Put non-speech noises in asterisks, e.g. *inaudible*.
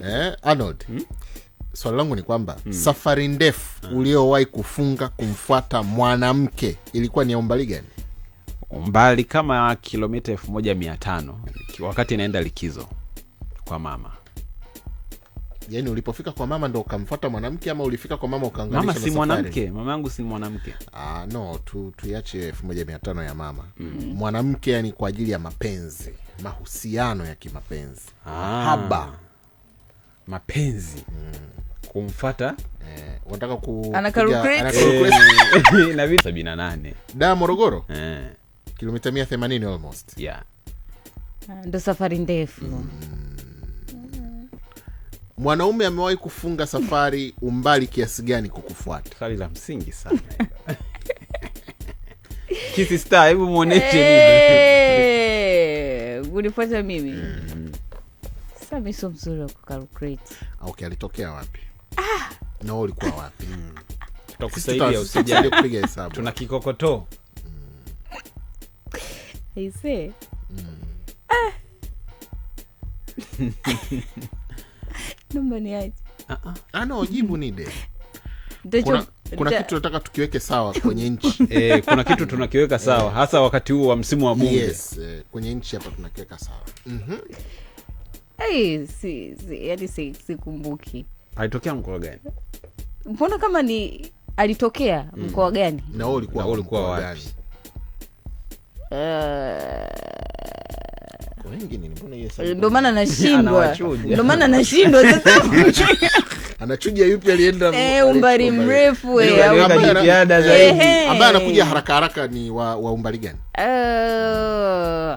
eh, Arnold hmm? Swali langu ni kwamba hmm. safari ndefu hmm. uliowahi kufunga kumfuata mwanamke ilikuwa ni ya umbali gani? Umbali kama kilomita elfu moja mia tano wakati inaenda likizo kwa mama. Yani ulipofika kwa mama ndo ukamfuata mwanamke ama ulifika kwa mama ukaangalia? si mwanamke, mama yangu si mwanamke. Ah, no tu tuiache elfu moja mia tano ya mama mm. Mwanamke yani kwa ajili ya mapenzi, mahusiano ya kimapenzi, ah. haba mapenzi kumfata eh, wanataka ku Ana *laughs* da Morogoro eh, kilomita 180 almost yeah. Ah, ndo safari ndefu mm. mwanaume amewahi kufunga safari umbali kiasi gani kukufuata swali la msingi sana *laughs* kisi hebu muoneshe hey, eh, unifuata mimi mm. Sasa sio mzuri wa kucalculate. Okay, alitokea wapi? Ah, na ulikuwa wapi? Mm. Tutakusaidia usijali kupiga hesabu. Tuna kikokotoo. Aise. Mm. mm. Ah. *laughs* Namba ni aje? Ah uh ah. Ano ah, jibu ni Kuna, kitu tunataka tukiweke sawa kwenye nchi *laughs* eh, kuna kitu tunakiweka sawa eh. hasa wakati huo wa msimu wa bunge yes, eh, kwenye nchi hapa tunakiweka sawa mm-hmm hey, si, si, sikumbuki alitokea mkoa gani mbona kama ni alitokea mm. mkoa gani na wewe ulikuwa ulikuwa wapi eh. maana nashindwa ndio maana nashindwa *laughs* anachuja yupi alienda eh, umbali mrefu ambaye anakuja haraka haraka ni wa, wa umbali gani uh,